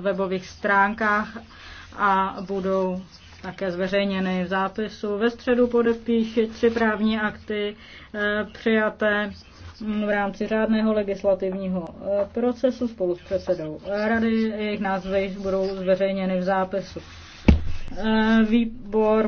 webových stránkách a budou také zveřejněny v zápisu. Ve středu podepíši tři právní akty eh, přijaté v rámci řádného legislativního eh, procesu spolu s předsedou rady. Jejich názvy budou zveřejněny v zápisu. Eh, výbor